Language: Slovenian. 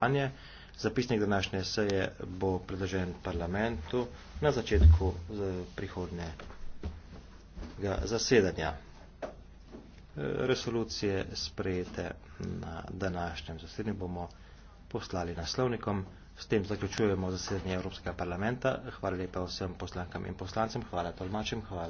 glasovanje. Zapisnik današnje seje bo predložen parlamentu na začetku eh, prihodnega zasedanja. Eh, resolucije sprejete na današnjem zasedanju bomo poslali naslovnikom. S tem zaključujemo zasedanje Evropskega parlamenta. Hvala lepa vsem poslankam in poslancem. Hvala tolmačem. Hvala.